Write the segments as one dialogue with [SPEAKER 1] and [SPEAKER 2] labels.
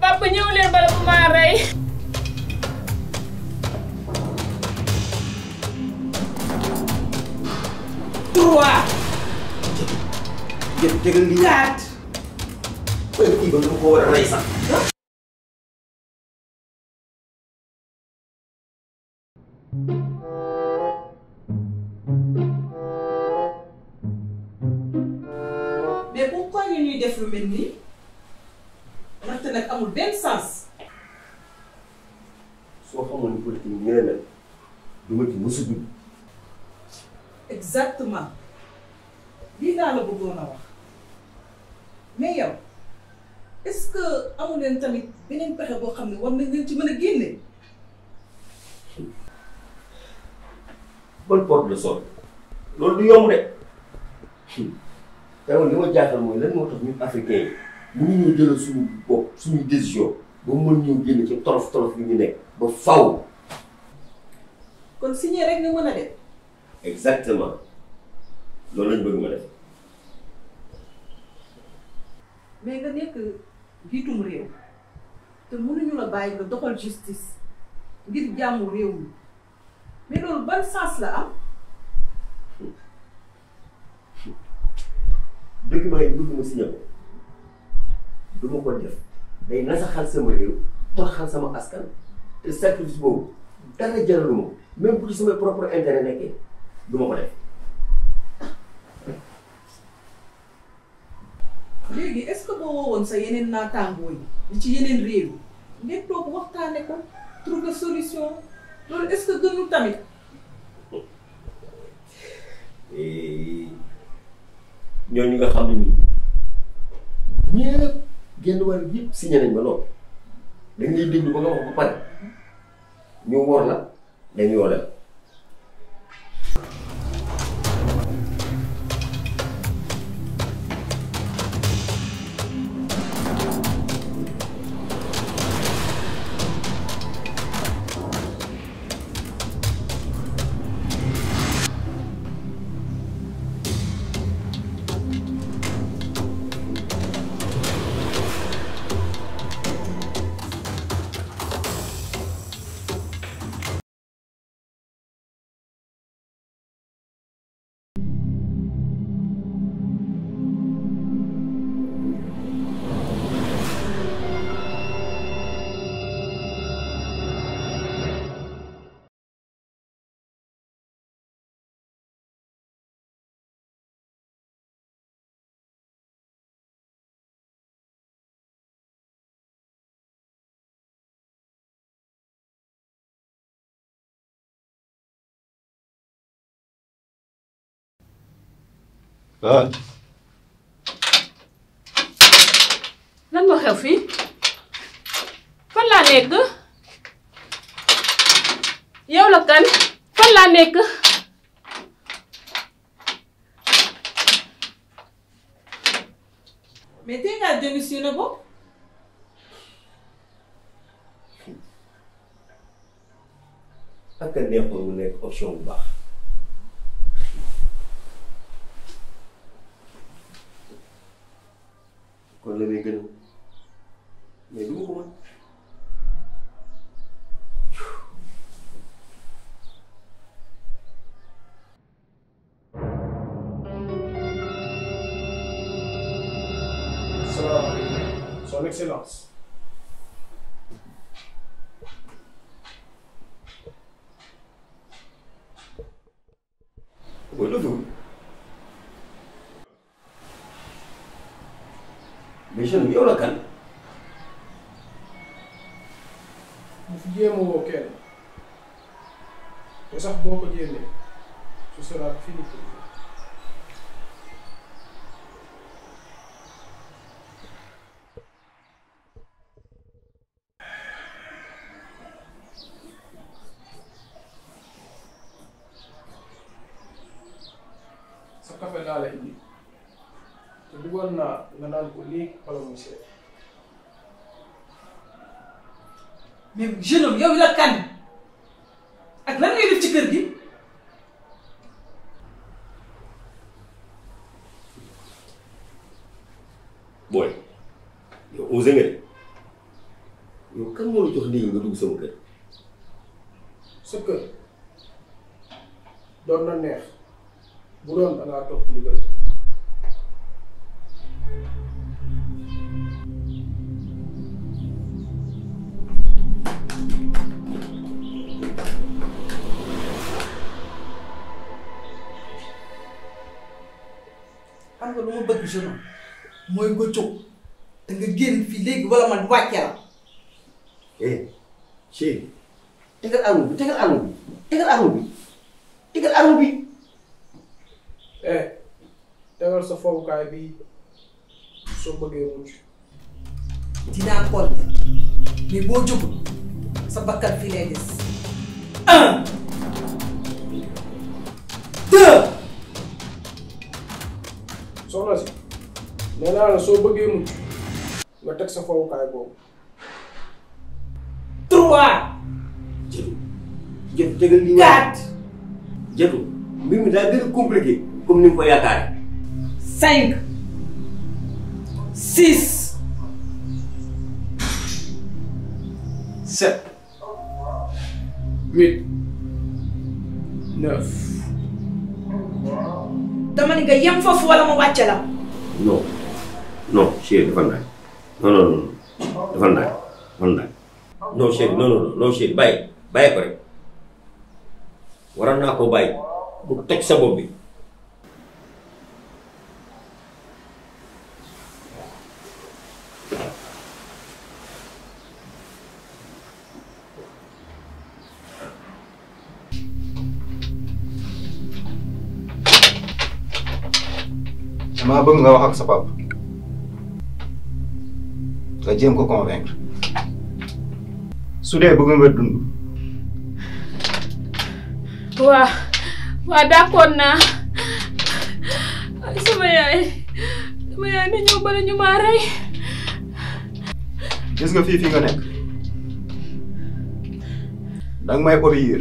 [SPEAKER 1] papa ñëw leen bala bu maa rey. trois. jë jëgal lii quatre. kii ba nga ko war a rey sax. mais pourquoi ñu ñuy def lu mel nii. ndaxte nag amul benn sens.
[SPEAKER 2] soo xamoon ni politique bi na du ma ci
[SPEAKER 1] mës a dugg. exactement lii laa la bëggoon a wax mais yow est-ce que amu leen tamit beneen pexe boo xam ne war nañ leen ci mën a génne.
[SPEAKER 2] bonne porte de sol de. te li ma jaaxal mooy lan moo tax mënuñoo jëlal suñu bopp suñu décision ba mën ñoo génn ci torof torof yu ñu nekk ba faw
[SPEAKER 1] kon signé rek nga mën a def.
[SPEAKER 2] exactement loolu lañ bëgg ma def.
[SPEAKER 1] mais nga nekk njiitum réew te mënuñu la bàyyi nga doxal justice ngir jàmmu réew mi mais loolu ban sens la am.
[SPEAKER 2] dëgg maa ngi bëgg ma signé ko. du ma ko def day nasaxal sama réew toroxal sama askan te sacrifice boobu dara jaralu ma même bu ci sama propre intérêt nekkee du ko def.
[SPEAKER 1] léegi est-ce que sa yeneen naataangoo yi li ci yeneen réew yi ngeen toog waxtaane ko trouver solution loolu est-ce que gënul tamit.
[SPEAKER 2] Eh, ñooñu nga xam ne nii génn wàll yëpp signé nañ ma lool dañ lay déglu ba nga wax pare ñu wor la dañu yoolal
[SPEAKER 1] waaw. lan moo xew fii fan laa nekk yow la kan nekk mais tey ngaa démissionné ba
[SPEAKER 2] ak a neexoon nekk option bu kon la may gënal mais du ma ko mën Son Excellence. mais jeune bi kan. bu fi jéem a woo kenn te sax boo ko jéemee ce sera fini sa café laa la te bëggoon nga naan ko lii wala muy seet.
[SPEAKER 1] mais jeune homme yow la kan ak lan ngay def ci kër gi.
[SPEAKER 2] booy yow osé nga de yow kan moo la jox léegi nga dugg sama na neex bu doon da ngaa topp
[SPEAKER 1] ma bëgg jeune homme mooy nga jóg nga génn fii léegi wala man wàcce la.
[SPEAKER 2] eh chéri
[SPEAKER 1] tegal arme bi tegal arme bi tegal arme bi tegal arme
[SPEAKER 2] bi. eh tegal sa
[SPEAKER 1] fowukaay bi soo bëggee mucc. dinaa ko mais boo jógul sa bakkan fii lay des. un
[SPEAKER 2] deux. soxna si nee naa la soo bëggee mucc nga teg sa fowukaay boobu.
[SPEAKER 1] trois. jëtu jëtu tegal li
[SPEAKER 2] quatre. jëtu mbir mi daa gën a compliqué comme ni nga ko yaakaaree.
[SPEAKER 1] cinq. six. sept. huit. neuf. dama ni nga yem foofu wala mu wàcce la.
[SPEAKER 2] non non dafa naaj non non non dafa naaj dafa naaj non chérie non non non chérie bàyyi bàyyi ko rek waroon naa ko bay bu toj sa bopp bi. damaa bëgg nga wax ak sa papa nga jéem ko convaincre su dee bëgg nga dund.
[SPEAKER 1] waa waa d'accord sama yaay sama yaay na ñëw bala ñu maa rey.
[SPEAKER 2] gis nga fii fii nga nekk danga may obéir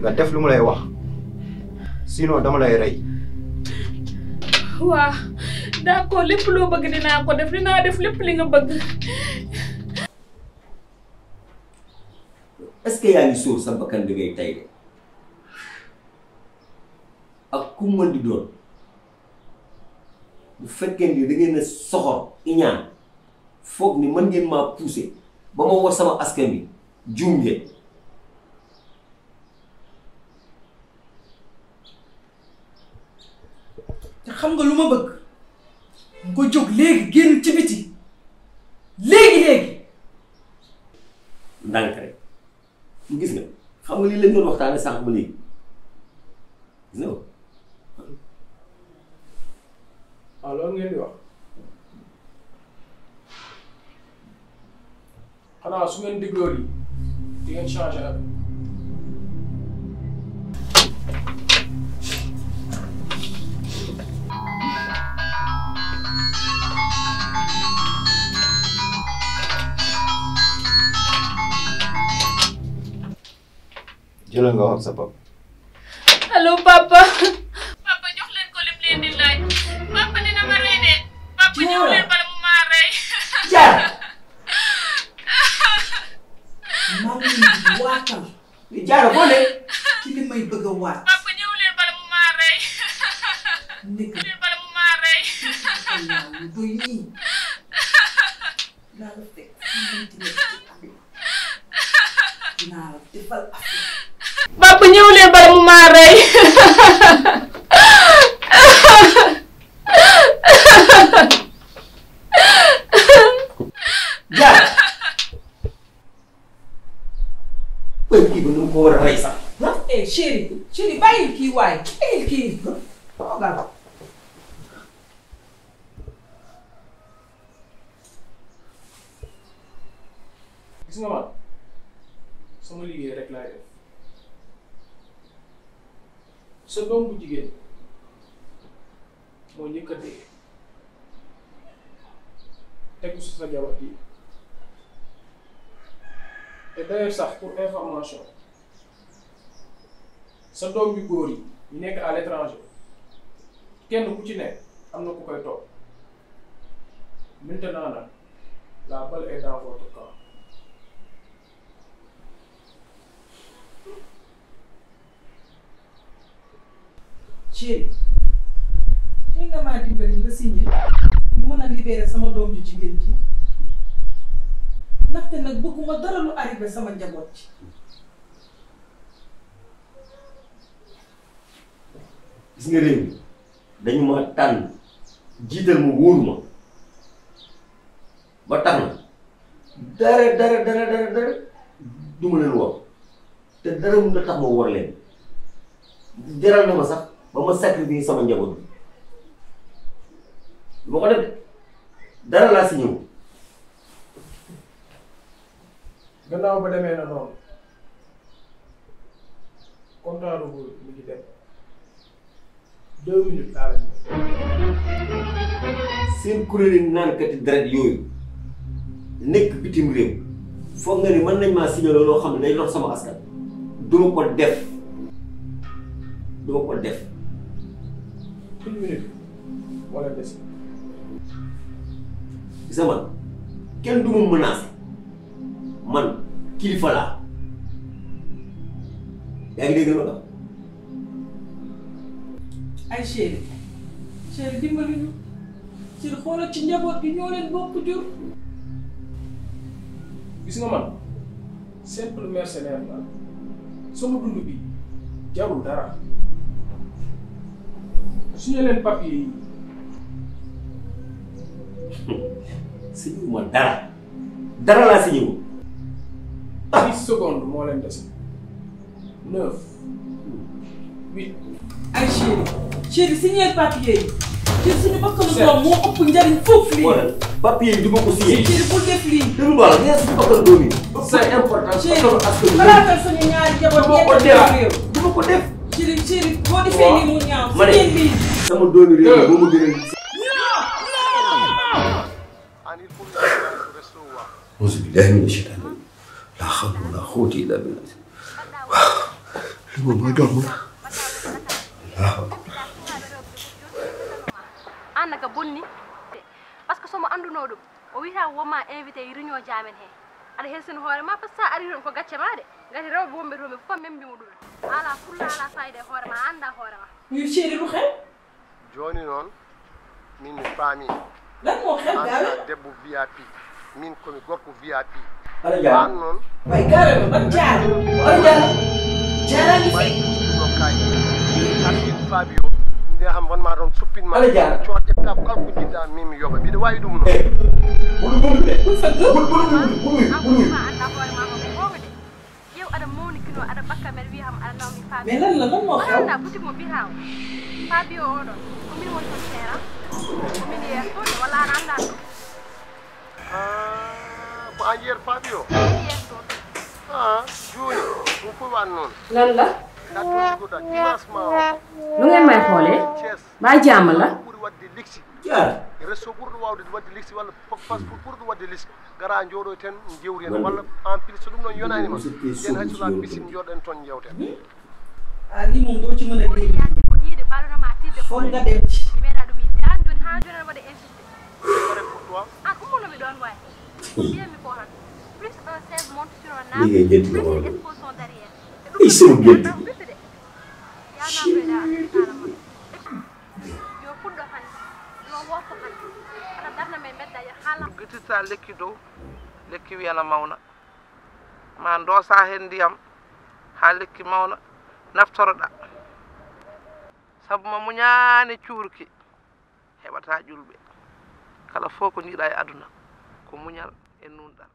[SPEAKER 2] nga def lu mu lay wax sinon dama lay rey.
[SPEAKER 1] waa d'accord lépp loo bëgg dinaa ko def dinaa def lépp li nga bëgg.
[SPEAKER 2] est-ce que yaa ngi sóor sa bakkan bi ngay tay de ak ku mën di doon bu fekkee ni da ngeen soxor iñaan foog ni mën ngeen maa pousser ba ma war sama askan bi
[SPEAKER 1] te xam nga lu ma bëgg nga jóg léegi génn ci biti léegi gis nga xam nga lii lañ
[SPEAKER 2] doon waxtaanee sànq ba léegi gis nga. waaw ah, loolu ngeen di wax xanaa su ngeen dégloo lii di ngeen changé jëlal nga wax sa bopp.
[SPEAKER 1] allo papa. jox leen ko lim leen di laaj. papa dina ma rey de. papa ñëw leen bala mu maa rey. jaar. maa ngi waatal. jaara boole. ci li may bëgg a waat. maa rey. ndek. leen bala mu maa rey. naa la fekk. naa la defal affaire. ñëwulee bala mu maa rey jaar
[SPEAKER 2] waaye kii ba nu ko war a rey sax eh tegu si sa jabar ji te d'ailleurs sax pour information sa doom yu góor yi ñu nekk à l'étranger kenn ku ci ne am na ko koy toog maintenant nag la balle est dans votre camp
[SPEAKER 1] Thierry. tey nga maa dimbali nga signé. mën a sama doom ju jigéen ji ndaxte nag bëgguma dara lu arrivé sama njaboot ci
[SPEAKER 2] gis nga dañu ma tànn jiital ma wóolu ma ba na dara dara dara dara dara du ma leen war te dara mun na tax ma war leen jaral na ma sax ba ma sacrifice sama njaboot bi dara laa si ñëw. gannaaw ba demee na noonu kontaan bu mu ngi dem deux deret yooyu nekk bitim réew foog nga ni mën nañ maa signalé loo xam ne day lor sama askan. duma ko def duma ko def. gis man kenn du ma menacé man kilifa laa
[SPEAKER 1] yaa ngi dégg nga la. ay chéri chéri dimbali ñu chéri xoolal ci njaboot gi ñoo leen bokk jur.
[SPEAKER 2] gis nga man simple mercenaire la sama dund bi jarul dara suñu leen papier yi. suñu ma dara
[SPEAKER 1] dara laa si ñëw. dix secondes moo leen dese neuf huit. ay chéri chéri signer papier yi. chéri suñu bakkalu du ma ko signer. chéri pour def du ma ko def. chéri chéri boo defee nii mu ñaaw. ma ne sama doomi réew
[SPEAKER 2] auzu billaahi mina shaytaani rajiim laa hawla wa laa quwwata illaa billaah waaw li moom mooy doon moom waaw
[SPEAKER 1] an naga bonni par ce que somo annduno ɗum o wiyata wonma invité réunion jamen he aɗa helsini hoorema par ce que sa ari toon ko gacce ma de gati rewɓe wonɓe toon ɓe fof membimo ɗum ala fulla ala fayida e hoorema anda hoorema yo ceeri ɗum hen
[SPEAKER 2] joni noon min mi
[SPEAKER 1] faami lan moo xew daal debbo VIP min
[SPEAKER 2] komi gorko VIP aɗa jaa an noon way garano bat jaar aɗa jaa jarani ɗo kayi artin fabio nde ham wonma toon suppinma aɗa jaa
[SPEAKER 1] coot ƴetta kalko jiɗɗa
[SPEAKER 2] min mi yoɓa mbiɗa wawi ɗum noon
[SPEAKER 1] ɓuɗu ɓuɗu de ɓuɗu aɗa mawnikino aɗa bakka mbeɗa wiya ham aɗa nawmi fabio mais lan la lan moo xew fabio oɗon ko min woni toon seera miliyeto ko an yiyata
[SPEAKER 2] faaɓi o jooni ɗum fof wan noon
[SPEAKER 1] la resto ɓurɗo wawde wadde walla passport ɓurɗo wadde liste gara
[SPEAKER 2] jooɗo ten jewri en walla en plus so ɗum noon yonanima yen hay solaɓe bisin jooɗoɗen toon jewten
[SPEAKER 1] a ɗi mum ɗo cimana fongaɗemti de insister. pour toi. ah ku mu uh, ma doon waay.
[SPEAKER 2] bien mi ko waxal. plus
[SPEAKER 1] un la ma doosa hen ndiyam ha lekki mawna naftoroɗa sabu ma heɓata julɓe kala fof ko jiiɗa e aduna ko muñal e nunɗal